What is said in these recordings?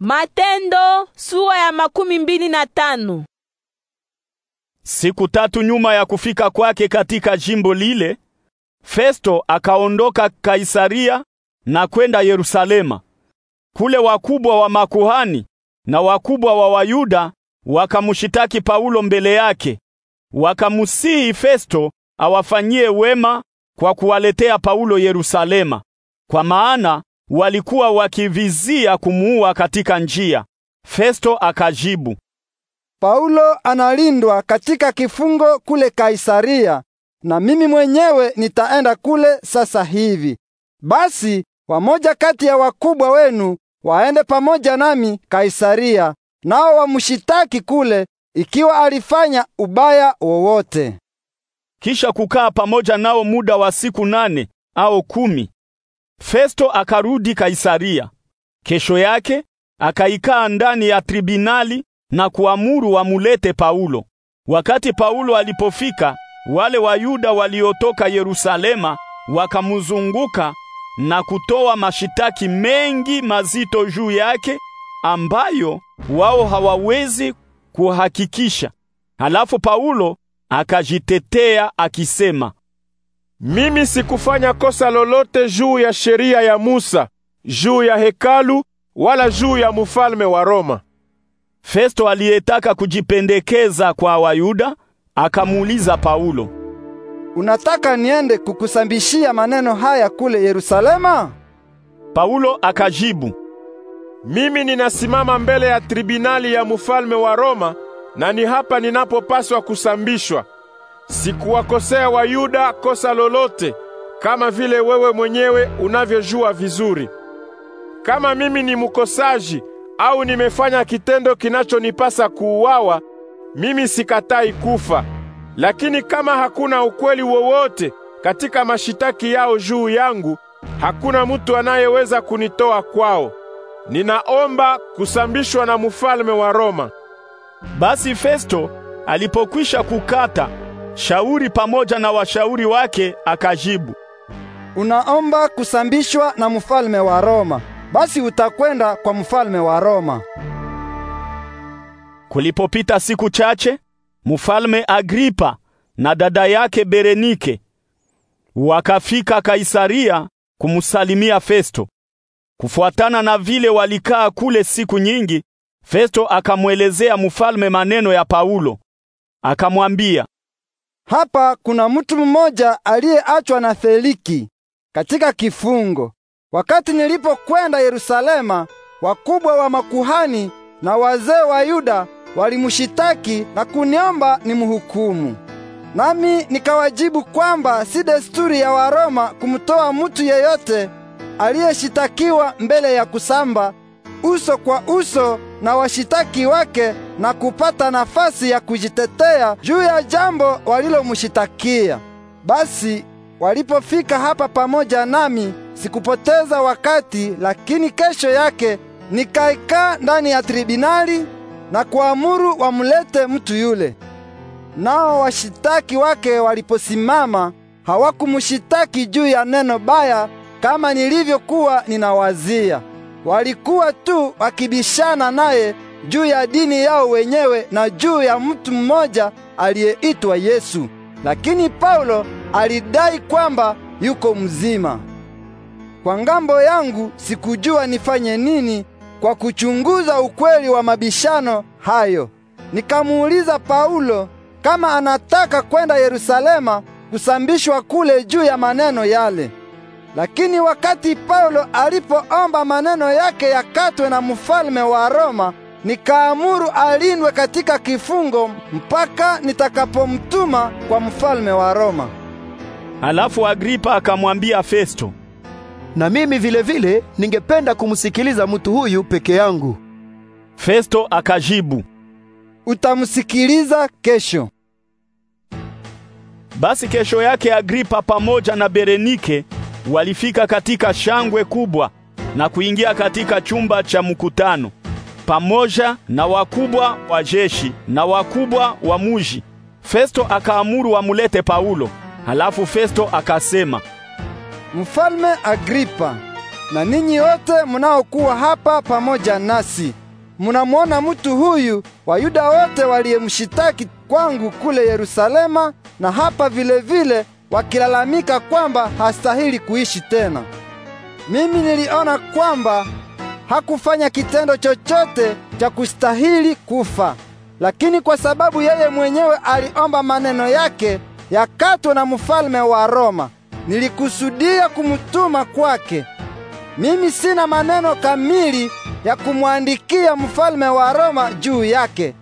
Matendo sura ya makumi mbili na tano. Siku tatu nyuma ya kufika kwake katika jimbo lile, Festo akaondoka Kaisaria na kwenda Yerusalema. Kule wakubwa wa makuhani na wakubwa wa Wayuda wakamshitaki Paulo mbele yake. wakamusihi Festo awafanyie wema kwa kuwaletea Paulo Yerusalema, kwa maana walikuwa wakivizia kumuua katika njia. Festo akajibu, Paulo analindwa katika kifungo kule Kaisaria na mimi mwenyewe nitaenda kule sasa hivi. Basi wamoja kati ya wakubwa wenu waende pamoja nami Kaisaria, nao wamshitaki kule ikiwa alifanya ubaya wowote. Kisha kukaa pamoja nao muda wa siku nane au kumi, Festo akarudi Kaisaria. Kesho yake akaikaa ndani ya tribinali na kuamuru wamulete Paulo. Wakati Paulo alipofika, wale Wayuda waliotoka Yerusalema wakamzunguka na kutoa mashitaki mengi mazito juu yake ambayo wao hawawezi kuhakikisha. Halafu Paulo akajitetea akisema, mimi sikufanya kosa lolote juu ya sheria ya Musa, juu ya hekalu wala juu ya mfalme wa Roma. Festo aliyetaka kujipendekeza kwa Wayuda akamuuliza Paulo, unataka niende kukusambishia maneno haya kule Yerusalema? Paulo akajibu, mimi ninasimama mbele ya tribinali ya mfalme wa Roma na ni hapa ninapopaswa kusambishwa. Sikuwakosea Wayuda kosa lolote, kama vile wewe mwenyewe unavyojua vizuri. Kama mimi ni mkosaji au nimefanya kitendo kinachonipasa kuuawa, mimi sikatai kufa. Lakini kama hakuna ukweli wowote katika mashitaki yao juu yangu, hakuna mtu anayeweza kunitoa kwao. Ninaomba kusambishwa na mfalme wa Roma. Basi Festo alipokwisha kukata shauri pamoja na washauri wake akajibu, unaomba kusambishwa na mfalme wa Roma, basi utakwenda kwa mfalme wa Roma. Kulipopita siku chache, mfalme Agripa na dada yake Berenike wakafika Kaisaria kumsalimia Festo. Kufuatana na vile walikaa kule siku nyingi, Festo akamwelezea mfalme maneno ya Paulo. Akamwambia, hapa kuna mtu mmoja aliyeachwa na Feliki katika kifungo. Wakati nilipokwenda Yerusalema, wakubwa wa makuhani na wazee wa Yuda walimshitaki na kuniomba nimhukumu. Nami nikawajibu kwamba si desturi ya Waroma kumtoa mtu yeyote aliyeshitakiwa mbele ya kusamba uso kwa uso na washitaki wake na kupata nafasi ya kujitetea juu ya jambo walilomshitakia. Basi walipofika hapa pamoja nami, sikupoteza wakati, lakini kesho yake nikaikaa ndani ya tribinali na kuamuru wamulete mtu yule. Nao washitaki wake waliposimama, hawakumshitaki juu ya neno baya kama nilivyokuwa ninawazia walikuwa tu wakibishana naye juu ya dini yao wenyewe na juu ya mtu mmoja aliyeitwa Yesu. Lakini Paulo alidai kwamba yuko mzima. Kwa ngambo yangu sikujua nifanye nini kwa kuchunguza ukweli wa mabishano hayo. Nikamuuliza Paulo kama anataka kwenda Yerusalema kusambishwa kule juu ya maneno yale. Lakini wakati Paulo alipoomba maneno yake yakatwe na mfalme wa Roma, nikaamuru alindwe katika kifungo mpaka nitakapomtuma kwa mfalme wa Roma. Alafu Agripa akamwambia Festo, na mimi vile vile ningependa kumsikiliza mtu huyu peke yangu. Festo akajibu, utamsikiliza kesho. Basi kesho yake Agripa pamoja na Berenike walifika katika shangwe kubwa na kuingia katika chumba cha mkutano pamoja na wakubwa wa jeshi na wakubwa wa muji. Festo akaamuru wamulete Paulo. Halafu Festo akasema, Mfalme Agripa na ninyi wote munaokuwa hapa pamoja nasi, munamwona mtu huyu Wayuda wote waliyemshitaki kwangu kule Yerusalema na hapa vilevile vile wakilalamika kwamba hastahili kuishi tena. Mimi niliona kwamba hakufanya kitendo chochote cha kustahili kufa, lakini kwa sababu yeye mwenyewe aliomba maneno yake yakatwe na mfalme wa Roma, nilikusudia kumutuma kwake. Mimi sina maneno kamili ya kumwandikia mfalme wa Roma juu yake.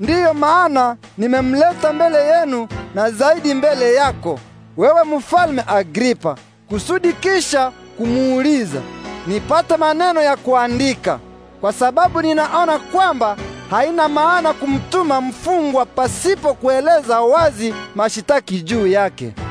Ndiyo maana nimemleta mbele yenu na zaidi mbele yako wewe mfalme Agripa, kusudi kisha kumuuliza nipate maneno ya kuandika, kwa sababu ninaona kwamba haina maana kumtuma mfungwa pasipo kueleza wazi mashitaki juu yake.